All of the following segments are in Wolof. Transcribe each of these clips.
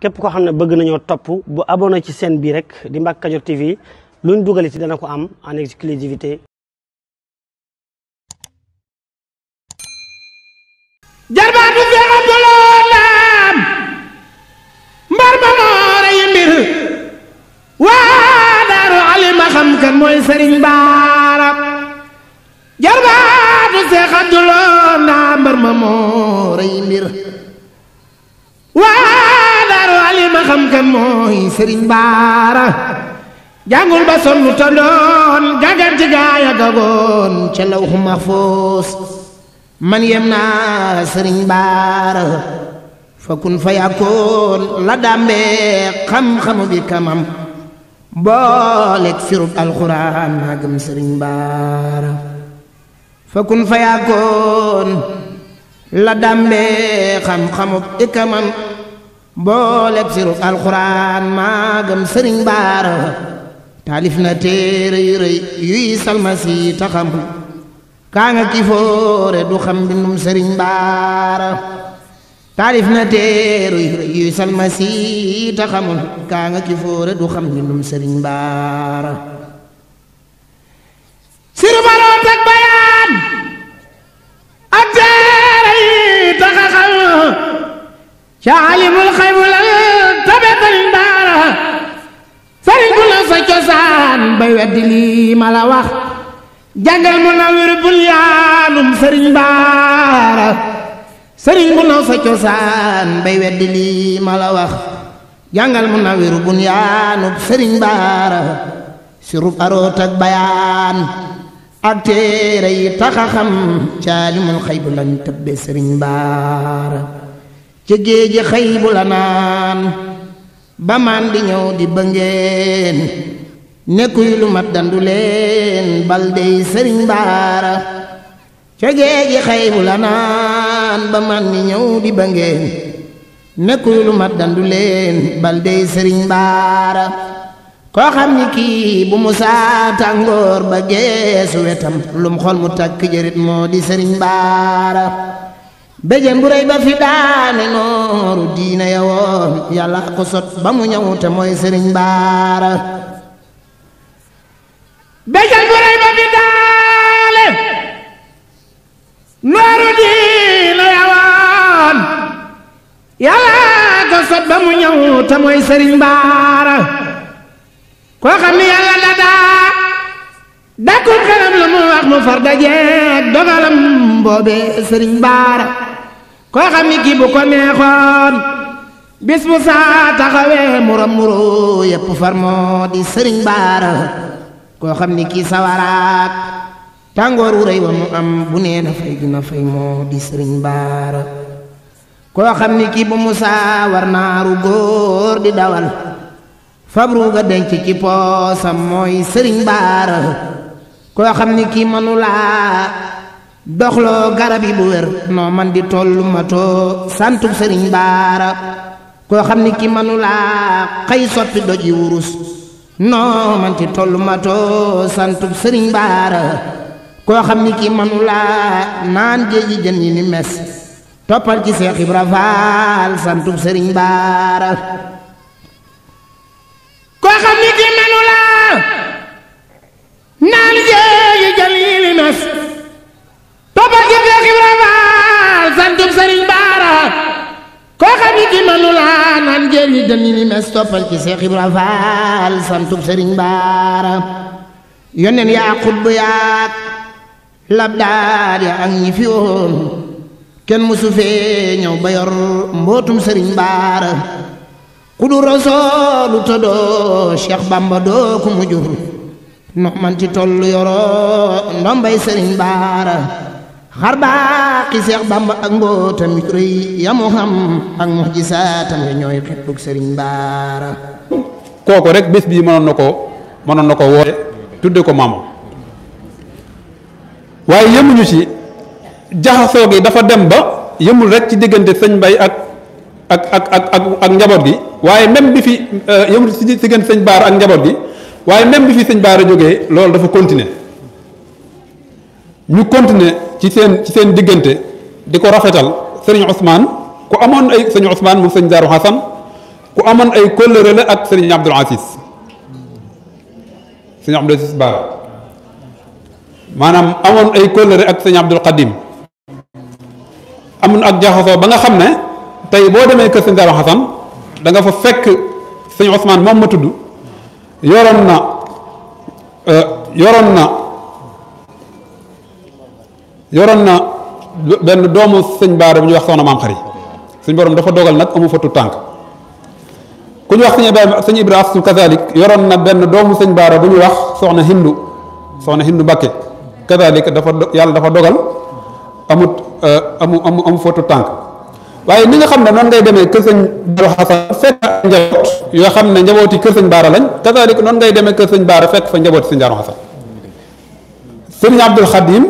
képp koo xam ne bëgg nañoo topp boo abonné ci seen bii rek di Mbacke Kadior TV luñ dugal ci dana ko am en exclusivité jarbaatu fi abduloo laam mbar ba moore waa daaru alima xam kan mooy sëriñ baara jarbaatu seex abduloo laam mbar ma moore waa daaru alima xam kan mooy sëriñ baara jàngul ba sonn ta doon gagar ci gaaya gagoon ca lawhu mahfuus man yem naa sëriñ baara fa kun fa yàkkoon la dàmbe xam-xamu bi kamam booleeg sirub alxuraan naa gëm sëriñ baara fa kun fa yàkkoon la dàmbe xam-xamu bi kamam booleb siru alxuraan maagam sëriñ baara taalif na téere yu rëy yuy salmasi taxamul kaa nga kifoore du xam bindum sëriñ baara taalif na téere yu rëy salmasi taxamul kaa nga kifoore du xam bindum sëriñ baara siru baroot ak ca alimul xaybul tabe sëriñ daara sëriñ bu la sa cosaan bay weddi lii ma la wax jàngal mu na wér bul yaanum sëriñ baara sëriñ bu naw sa cosaan bay weddi lii ma la wax jàngal mu na wér bul yaanum sëriñ baara sirub aroot ak bayaan ak téere yi taxa xam ca alimul xaybul lañ tëbbe sëriñ baara ca géeje xëy bu la naan ba di ñëw di bëngeen nekkuy lu mat dandu leen bal dey sëriñ baara ca géeje la naan ba di ñëw di bëngeen nekkuy lu mat dandu leen bal dey sëriñ baara koo xam ni kii bu musaa tàngoor ba geesu wetam lum xol takk jërit moo di sëriñ baara béjjén bu rëy ba fi daane nooru diine ya woon yàlla ko sot ba mu ñëw te mooy sëriñ baara koo xam ni yàlla da daa dàkkul xelam la mu wax mu far daje dogalam boobe sëriñ baara koo xam ni kii bu ko neexoon bis bu taxawee muro muro yépp far moo di sëriñ baara koo xam ni kii sawaraat tàngoor wu rëy wa mu am bu nee na fay dina fay moo di sëriñ baara koo xam ni kii bu musaa war naaru góor di dawal fabru denc ci poosam mooy sëriñ baara koo xam ni kii manulaa doxloo garab yi bu wér noo man di tollu matoo santuk sëriñ baara koo xam ni kii manulaa xëy sotti doj yi wurus noo man di tollu matoo santuk sëriñ baara koo xam ni kii manulaa naan géej yi jën yi ni mes toppal ci Seex Ibra Faal sëriñ baara liggéeyi jaliili toppal gi Seex Ibra Faal santub Sëriñ Baara koo xam ni ki manu laa naan jëli damiili mes toppal ci Seex Ibra Faal santub Sëriñ Baara yónneen yaa xutbu yaak labdaad ya ak ñi fi woon kenn musu fee ñëw ba mbootum Sëriñ Baara ku du rasoolu te doo Cheikh Bamba doo ku no man ci tollu yoroo ndombay sëriñ baara xar baaxi seex bamba ak mbootam yu yamu xam ak muxjisaatam ya ñooy xeppug sëriñ baara kooku rek bés bii mënoon na ko mënoon na ko woote tudde ko maamam waaye yëmuñu ci jaxasoo gi dafa dem ba yëmul rek ci diggante sëñ mbay ak ak ak ak ak njaboot gi waaye même bi fi euh, yëmul ci diggante sëñ baara ak njaboot bi waaye même bi fi sëñ a jóge loolu dafa continuer ñu continuer ci seen ci seen diggante di ko rafetal sëriñ Ousmane ku amoon ay sëriñ Ousmane moom sëñ Daaru Xasan ku amoon ay kóllëre ak sëriñ Abdul Aziz sëriñ Abdul Aziz maanaam amoon ay kóllëre ak sëriñ Abdul ak jaxasoo ba nga xam ne tey boo demee kër sëñ da nga fa fekk sëriñ Ousmane moom ma tudd yoroon na e, yoroon na yoroon na benn doomu sëñ baara bu ñuy wax soxna maam xari suñ borom dafa dogal nag amu fa tànk ku ñu wax sëñ ibrahima sëñ ibrahima su kazalik yoroon na benn doomu sëñ baara bu ñuy wax soxna hindu soxna hindu mbàkke kazalik dafa yàlla dafa dogal amut e, amu amu amu fa tu tànk waaye ni nga xam ne noonu ngay demee kër sëñ baara xasan fekk njaboot yoo xam ne njabooti kër sañ baara lañ kasaalik noonu ngay demee kër sëñ baara fekk fa njabooti sëñ daaru xasan sëriñ abdul xadim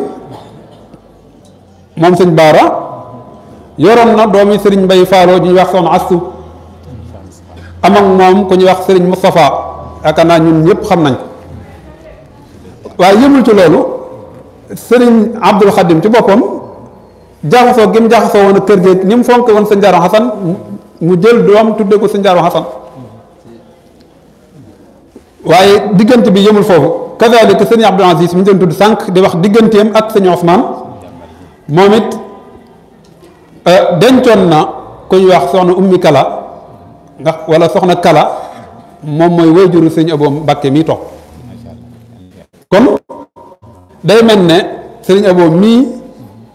moom sëñ baara yoroon na doomi sëriñ mbay faalo ju ñu wax soxna astu am ak moom ku ñuy wax sëriñ moustapha yaakaar naa ñun ñëpp xam nañ ko waaye yëmul ci loolu sëriñ abdul xadim ci boppam jaxasoo gi mu jaxasoo woon kër géej ni mu fonke woon sëñ daaru xasan mu jël doom tuddee ko sëñ daaru xasan waaye diggante bi yëmul foofu kazalika sëñ Abdul Aziz mi ñu doon tudd sànq di wax digganteem ak sëñ Ousmane moom it euh, dencoon na ku wax soxna ummi kala ndax wala soxna kala moom mooy wéyjuru sëñ Abo Mbàkke mii toog kon day ne sëñ Abo mii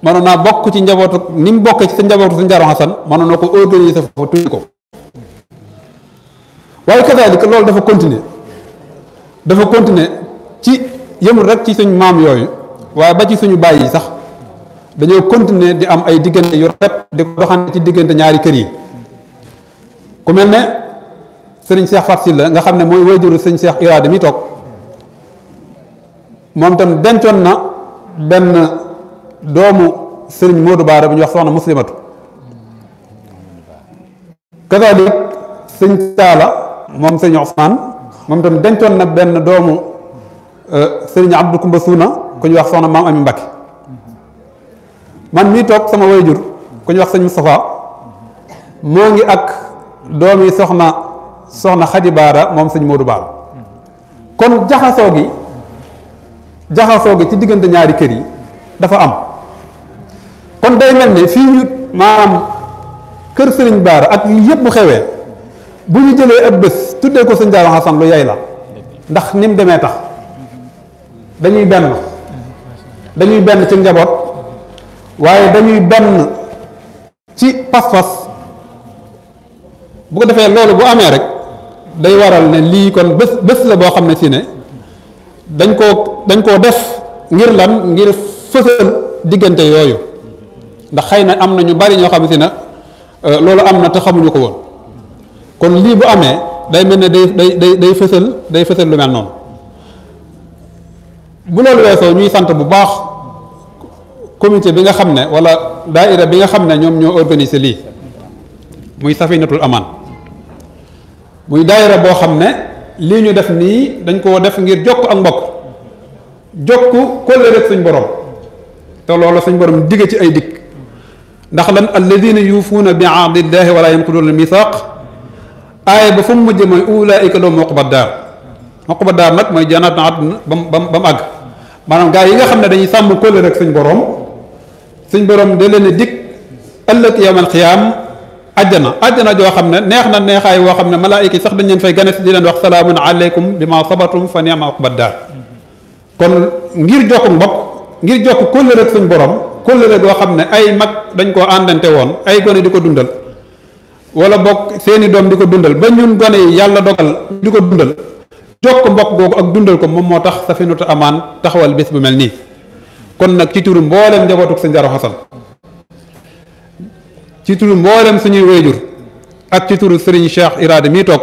mënoon naa bokk ci njabootu ni mu bokkee ci sa njabootu sëñ Jaaro Xasan mënoon na ko organiser foofu tuuti ko waaye kazalika loolu dafa continuer dafa continuer ci yëmul rek ci suñ maam yooyu waaye ba ci suñu bàyyi sax dañoo continuer di am ay diggante yu rafet di ko doxante ci diggante ñaari kër yi ku mel ne sëriñ Cheikh Fatou Sylla nga xam ne mooy wajuru sëriñ Cheikh Irada mi toog moom tam dencoon na benn doomu sëriñ Modou Baara bu ñuy wax soxna muslimatu kazalik sëñ Taala moom sëriñ Ousmane moom itam dencoon na benn doomu euh, sëriñ am Koumba Suuna na ñuy wax soxna maam Ami Mbacke man mii toog sama wayjur ku ñuy wax sëñ Moustapha moo ngi ak doomi soxna soxna Xadi Baara moom sëñ Modou Baara kon jaxasoo gi jaxasoo gi ci diggante ñaari kër yi dafa am kon day mel ni fii ñu maanaam kër sëriñ Baara ak yëpp bu xewee bu ñu jëlee ab bés tuddee ko sëñ Daaru Xasan lu yay la ndax ni mu demee tax dañuy benn dañuy benn ci njaboot waaye dañuy benn ci pas-pas bu ko defee loolu bu amee rek day waral ne lii kon bés bés la boo xam ne si ne dañ koo dañ koo def ngir lan ngir fësal diggante yooyu ndax xëy na am na ñu bari ñoo xam si ne euh, loolu am na te xamuñu ko woon kon lii bu amee day mel ni day day day day fësal day fësal lu mel noonu bu loolu weesoo ñuy sant bu baax comité bi nga xam ne wala daaira bi nga xam ne ñoom ñoo organiser lii muy safinatul aman muy daaira boo xam ne lii ñu def nii dañ koo def ngir jokk ak mbokk jokk kóllëre suñ borom te loolu suñ borom digg ci ay dikk ndax lan alladina yuufuuna bi ahdillahi wala yanquduna al mithaq aaya ba fu mu mujj mooy ulaayika lahum uqbat daar uqbat daar nag mooy janaat na at bam bam ba mu àgg maanaam gaa yi nga xam ne dañuy sàmm kóllëre rek suñ borom suñ borom da leen dik ëllëg yawmal xiyaam àjjana àjjana joo xam ne neex na neexaay woo xam ne malaayika yi sax dañ leen fay gane si di leen wax salaamun aleykum bi ma sabatum fa niama uqbat daar kon ngir jokku mbokk ngir jokk kóllëre suñ boroom kóllëre goo xam ne ay mag dañ koo àndante woon ay gone di ko dundal wala bokk seeni doom di ko dundal ba ñun gone yi yàlla dogal di ko dundal jokk mbokk googu ak dundal ko moom moo tax safinatu amaan taxawal bés bu mel nii kon nag ci turu mboolem njabootuk sa njaro mboolem suñuy wéyjur ak ci turu sëriñ cheikh iraada mii toog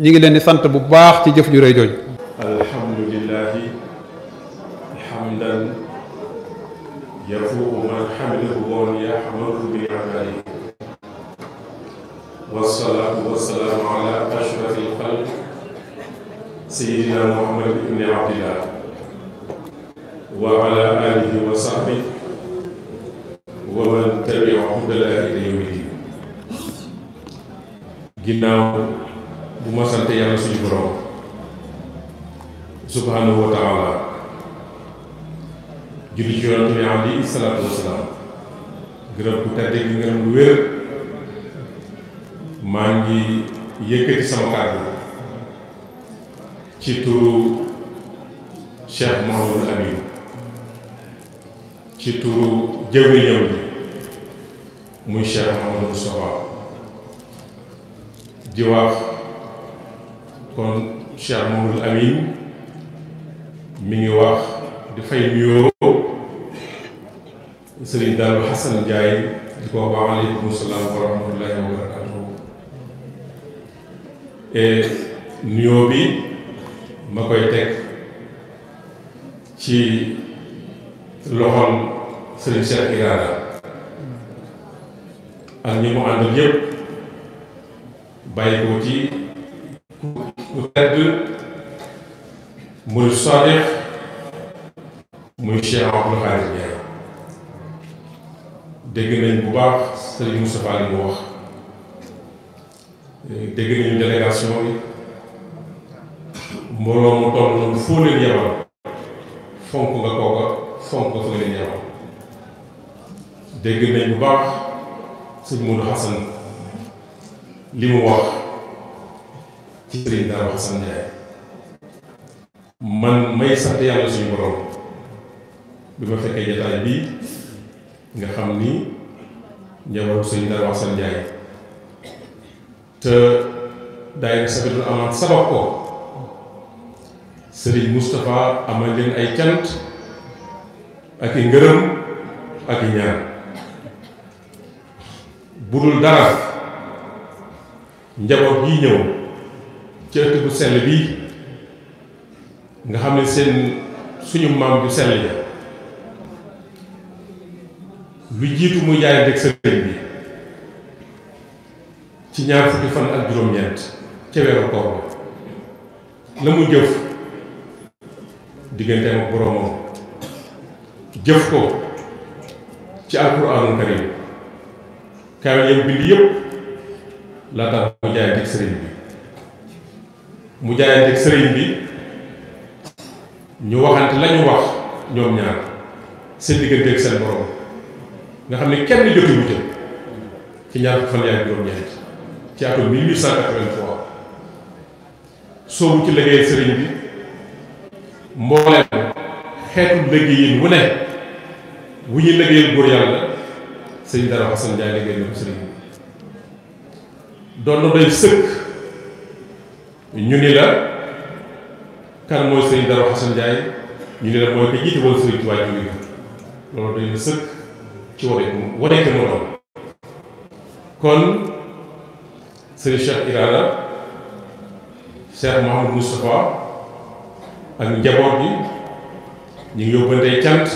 ñu ngi leen di sant bu baax ci jëf ju rëy jooju wasalaatu wasalaamu ala ashraf wa ala wa sahbi wa man tabiahum bi ihsaan ila ginnaaw bu ma sant yàlla suñu borom wa taala julli ci yonent bi alayhi salaatu wasalaam gi ngërëm lu wér maa ngi yëkkati sama kàddu ci turu Cheikh Mouhamadou Amine ci turu jëwriñam bi muy Cheikh Mouhamadou Moustapha di wax kon Cheikh Mouhamadou Amine mi ngi wax di fay nuyoo sëriñ Daaru Xasan Njaay di ko wax waaleykum salaam wa rahmatullahi wa nuyoo bi ma koy teg ci loxol sëriñ Cheikh Iraada ak ñi mu àndal yëpp bàyyi ko ci ku tedd muy Saadix muy Cheikh Abdou Khadre Ndiaye dégg nañ bu baax sëriñ Moustapha li mu wax dégg nañu délégation bi mbooloo mu foo leen yebal fonk nga kooka fonk nga fa leen yebal dégg nañ bu baax sëñ Moudou Xasan li mu wax ci sëriñ Darou Xasan Ndiaye man may sant yàlla suñu borom bi ma fekkee jataay bii nga xam ni njabootu sëñ Darou Xasan Ndiaye ca daayira Safinatoul Aman sabab ko Serigne Moustapha amal leen ay cant ak i ngërëm ak i ñaan bu dul dara njaboot gi ñëw ci ëtt bu sell bi nga xam ne seen suñu maam bu sell ja lu jiitu muy jaayante ak sëriñ bi ci ñaar fukki fan ak juróom-ñeent ca weeru koor la mu jëf digganteem ak boroomam jëf ko ci alquraanul karim kaamil yam bind yëpp laa tax mu jaayanteeg sëriñ bi mu jaayanteeg sëriñ bi ñu waxante lañu wax ñoom ñaar seen digganteeg seen borom nga xam ne kenn jotu wuute ci ñaar fukki fan yaay juróom-ñeent ci atum 1883 soobu ci liggéey sëriñ bi mbooleem xeetu liggéeyin wu ne wu ñu liggéeyal góor yàlla sëñ dara Xasan Njaay liggéey na ko sëriñ bi doon na doy sëkk ñu ni la kan mooy sëñ dara Xasan Njaay ñu ni la mooy ko jiite woon sëriñ Tuubaa ñu loolu doy sëkk ci waree waree ko mu doon kon sëriñ Cheikh Irada Cheikh Mouhamadou Moustapha ak njaboot bi ñu ngi yóbbantey cant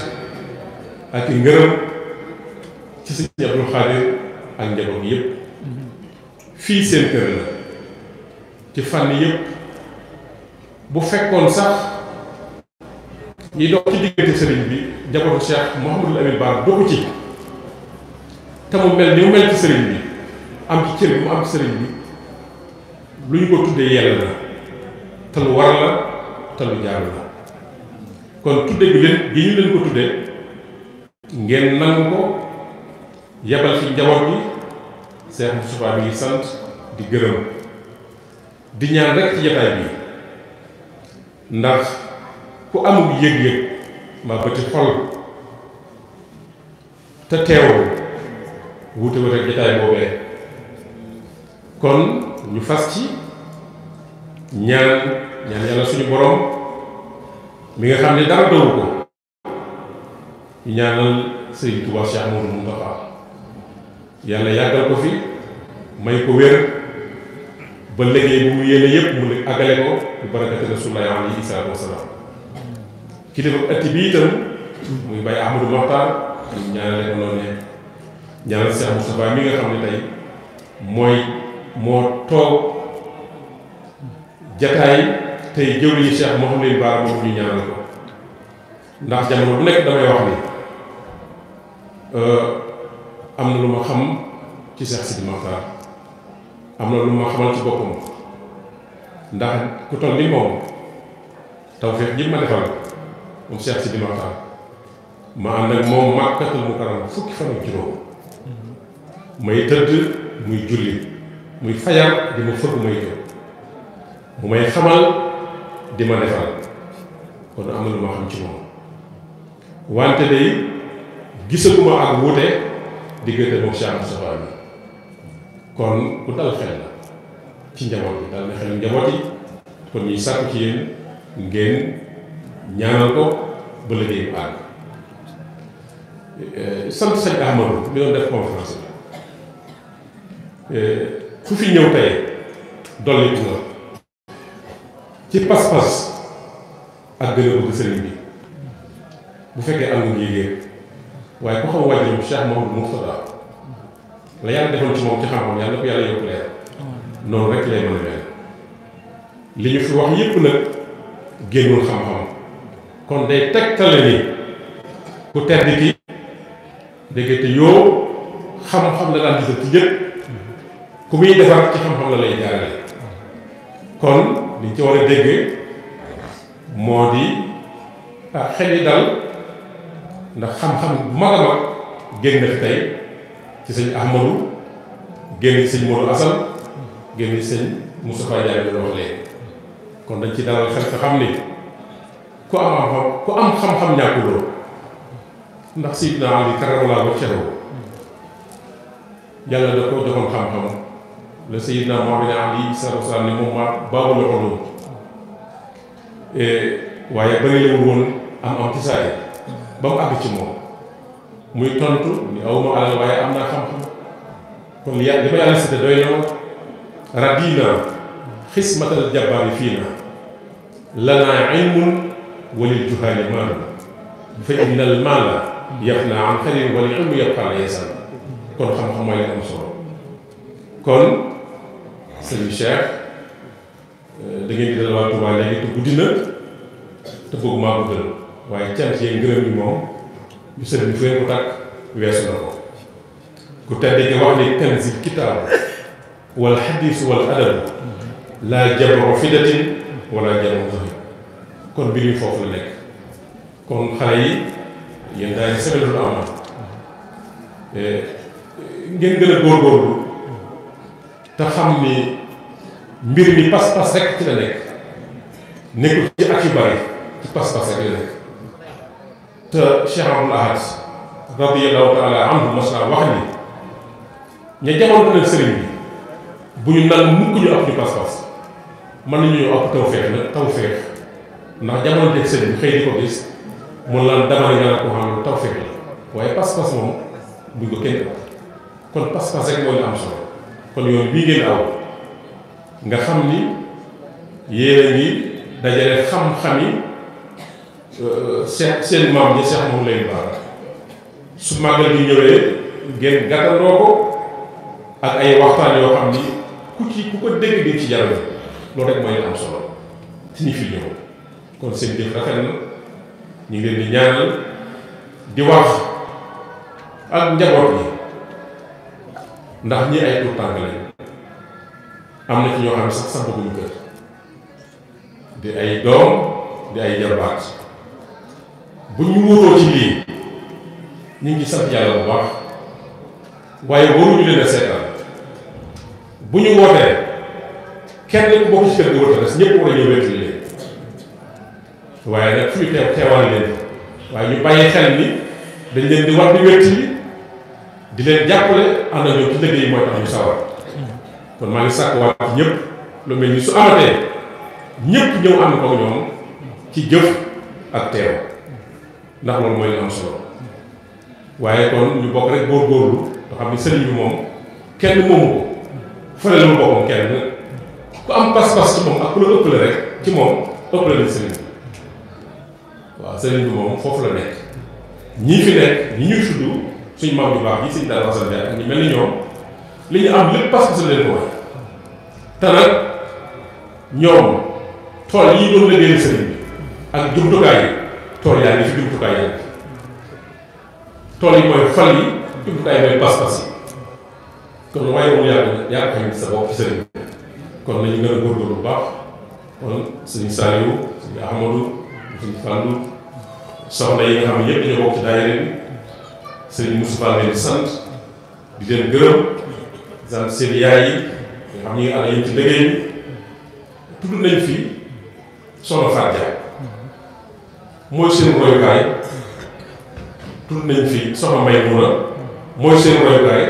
ak i ngërëm ci sëriñ Abdou Khadir ak njaboot bi fii seen kër la ci fànn yëpp bu fekkoon sax yi dox ci diggante sëriñ bi njabootu Cheikh Mouhamadou Amine Ba doxu ci te mu mel ni mu mel ci sëriñ bi am ci cër mu am ci sëriñ bi lu ñu ko tuddee yell la te war la te lu la kon tudde bi leen gi leen ko tuddee ngeen nangu ko yebal ci njaboot bi Cheikh Moustapha mi ngi sant di gërëm di ñaan rek ci jataay bi ndax ku amul yëg-yëg maa bëti xol te teewul wuute wuute jataay boobee kon ñu fas ci ñaan ñaan yàlla suñu borom mi nga xam ne dara dooru ko ñu ñaanal Sëriñ Tuubaa Cheikh Ahmadou Moustapha yàlla yàggal ko fi may ko wér ba liggéey bu mu yéene yépp mu ne àggale ko bu barakati Rasulullaahi alayhi salaatu wa salaam ki defa atti bi itam muy Baye Ahmadou Mokhtar ñaanale ko ne ñaanal Cheikh Moustapha mi nga xam ne tey mooy moo toog jataay tey jëwriñu Cheikh Mouhamadou Bara moom ñu ñaanal ko ndax jamono bu nekk damay wax ni euh, am na lu ma xam ci Cheikh Sidi Makhtar am na lu ma xamal ci boppam ndax ku toll ni moom tawfeex ji ma defal moom Cheikh Sidi Makhtar ma ànd moom Makkatul Mukarrama fukki juróom mm-hmm. may tëdd muy julli muy fajar di ma fëgg may jóg mu may xamal di ma defal kon am xam ci moom wante day gisaguma ak wuute diggante moom Cheikh Moustapha bi kon ku dal xel la ci njaboot bi dal na xel njaboot yi kon ñuy sàkk ci yéen ñaanal ko ba liggéey bu àgg eh, sant sëñ Ahmadou mi doon def conférence bi eh, ku fi ñëw tey dolliku nga ci pas-pas ak gën a bëgg sëriñ bi bu fekkee am nga yéegee waaye ku xam wàññi Cheikh Mamadou Mourtada la yàlla defoon ci moom ci xam-xam yàlla ko yàlla yokk leer noonu rek lay mën a mel li ñu fi wax yépp nag génnul xam-xam kon day tegtale ni ku tedd ki yoo xam-xam la daan gisal ci yëpp ku muy defar ci xam-xam la lay jaarale kon liñ ci war a dégg moo di ah, xel yi dal ndax xam-xam bu mag a ci sëñ Ahmadou génn ci sëñ Modou Assal génn ci sëñ Moustapha Diagne bi wax léegi kon dañ ci dalal xel te xam ni ku am xam ku am xam-xam ñàkkuloo ndax Seydina Ali karamallaahu wajhahu yàlla da ko joxoon xam-xam le Seyyidna Muhammad Ali sallallahu alayhi wa sallam ne moom ma baabul ulum e, waaye bëri la woon am am ci saa yi ba mu àgg ci moom muy tontu ni aw ma waaye am naa xam-xam kon li li ma yàlla cité doy na radina xismatal jabbaari fii na lanaa ilmun walil juhaali maal fa inna al maala yafna an xarin yeesal kon xam-xam mooy leen am solo kon sëriñ Cheikh euh, da ngeen di dalal waa Touba te guddi na te bëgg ko gën waaye cant yi ngërëm yi moom ñu sëriñ fu ko takk weesu na ko ku tedd ki wax ni kanzil wal xadiis wal adab laa jabro fidatin wala jabro xëy kon mbir foofu la nekk kon xale yi yéen daal di lu am euh, ngeen gën a góorgóorlu te xam ni mbir mi pas-pas rek ci la nekk nekkul ci ak yu bari ci pas-pas rek la nekk te Cheikh Abdoul Ahad radiyallahu taala anhu wax ni ña jamono leen sëriñ bi bu ñu naan mukk ñu ëpp ñu pas-pas mën nañu ëpp tawfeex nag tawfeex ndax jamono teg sëriñ bi xëy di ko gis mun laan damane nga ko xam ne tawfeex la waaye pas-pas moom buñ ko kenn kon pas-pas rek mooy am solo kon yoon bii ngeen aw nga xam ni yéen a ngi dajale xam-xam yi euh, seen seen maam ñi seex moom lay baax su màggal gi ñëwee ngeen gàttandoo ko ak ay waxtaan yoo xam ni ku ci ku ko dégg di ci yaram loolu rek mooy am solo si ñu fi ñëw kon seen jëf rafet na ñu ngi leen di ñaanal di wax ak njaboot yi ndax ñi ay tur tànk am na ci ñoo xam ne sax sax bëgguñu kër di ay doom di ay jarbaat bu ñu wóoroo ci lii ñu ngi sant yàlla bu baax waaye waruñu leen a seetaan bu ñu wootee kenn ku ci kër gi wër des ñëpp war a ñëw wéetu leen waaye nag fu ñu teew teewal leen waaye ñu bàyyi xel ni dañ leen di war di wétti di leen jàppale ànd ak ñoom ci liggéey mooy am ñu sawar kon maa ngi sàkk waat ci ñëpp lu mel ni su amatee ñëpp ñëw ànd ko ñoom ci jëf ak teew ndax loolu mooy li am solo waaye kon ñu bokk rek góorgóorlu te xam ni sëriñ bi moom kenn moomu ko fële lu boppam ku am pas-pas ci moom ak ku la ëppale rek ci moom ëppale lañ sëriñ bi waaw sëriñ bi moom foofu la nekk ñii fi nekk ñi ñuy tudd. suñu maam yu baax yi sëñ daal Hassane Ndiaye ak ñu mel ni ñoom li ñu am lépp parce que leen ko wax ñoom tool yi doon liggéeyal sëriñ bi ak jumtukaay yi tool yaa ngi fi jumtukaay yaa ngi tool yi mooy fal yi jumtukaay mooy pas-pas yi kon waaye moom yaa yaa ko xam sa bopp sëriñ bi kon nañu gën a góorgóorlu bu baax kon sëñ Saliou sëñ Amadou sëñ Fallou soxna yi nga xam ne yëpp dañoo bokk ci daayira bi sëriñ Moustapha leen di sant di leen gërëm sant seen yaay yi nga xam ngi ànd yéen ci liggéey tudd nañ fi soxna Fatou Ndiaye mooy seen royukaay tudd nañ fi soxna May Mouna mooy seen royukaay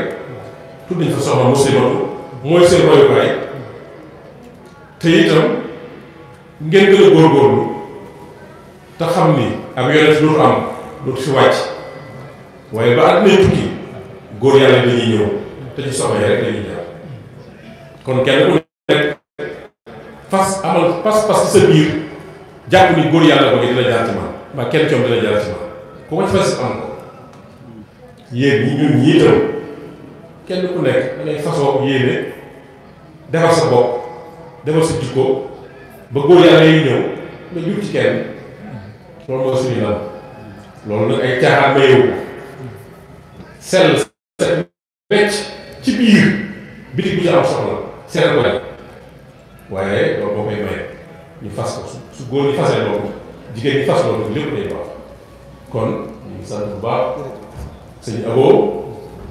tudd nañ fi soxna Moussinou mooy seen royukaay te itam ngeen gën a góorgóorlu te xam ni ak yonent lu am lu fi wàcc. waaye ba at may tukki góor yàlla dañuy ñëw te ci soxla rek dañuy jaar kon kenn ku nekk fas amal fas fas sa biir jàpp ni góor yàlla ko gi dina jaar ci man mbaa kenn coom dina jaar ci man kenn ku nekk da fasoo yéene defar sa bopp defar sa jikko ba góor yàlla yi ñëw nga jur ci kenn loolu mooy suñu lan loolu nag ay caaxaan mayewu sell set biir bitig bi ñu am soxla seen ko def waaye loolu boo koy maye ñu fas ko su góor ñi fasee loolu jigéen ñi fas loolu lépp day baax kon ñu ngi sant bu baax sëñ Abo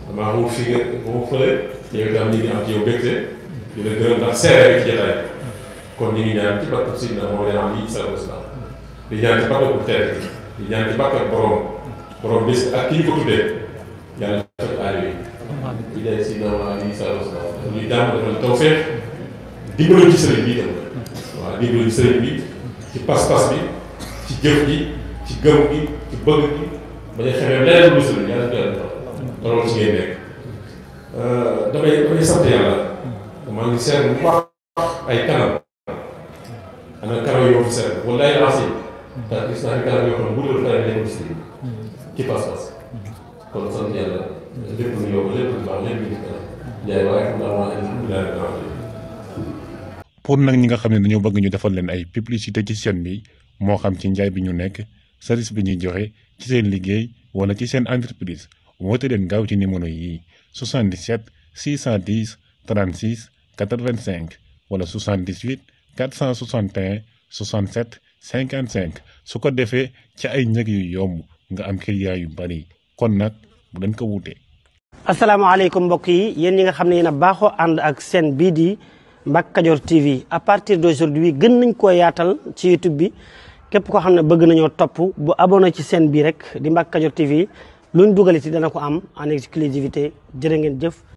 damaa wut fii nga boo fële yow tam ñu ngi am ci yow bégte di la gërëm am yi salaam salaam di ñaan di ñaan ci barkab borom borom bis ak ki ñu ko tuddee yàlla def aar yi. di si doomu aadama yi ñu jàmm defal tawfeex dimbali ci sëriñ bi itam. waaw dimbali ci sëriñ bi ci pas-pas bi ci jëf ji ci gëm gi ci bëgg gi ba ñu xamee leneen lu sëriñ yàlla defal ko. loolu ci ngay nekk. Euh, damay damay sant yàlla. maa ngi seet bu baax ay kanam. am na kanam yoo fi seet walaay yi. ndax gis naa ne kanam yoo xam ne bu dul xale yi dañoo gis ci pas-pas. kon pour nag ñi nga xam ne dañoo bëgg ñu defal leen ay publicité ci seen bi moo xam ci njaay bi ñu nekk service bi ñuy joxe ci seen liggéey wala ci seen entreprise woote leen gaaw ci numéro yi 77 610 36 85 wala 78 461 67 55 su ko defee ci ay njëg yu yomb nga am client yu bari. kon nag dañ ko wuute. asalaamaaleykum mbokk yi yéen yi nga xam ne yi a baaxoo ànd ak seen bii di Mbacke Kadior TV à partir d'aujourd'hui gën nañ ko yaatal ci YouTube bi képp koo xam ne bëgg nañoo topp bu abonné ci seen bii rek di Mbacke Kadior TV luñ dugal ci dana ko am en exclusivité jërë ngeen jëf.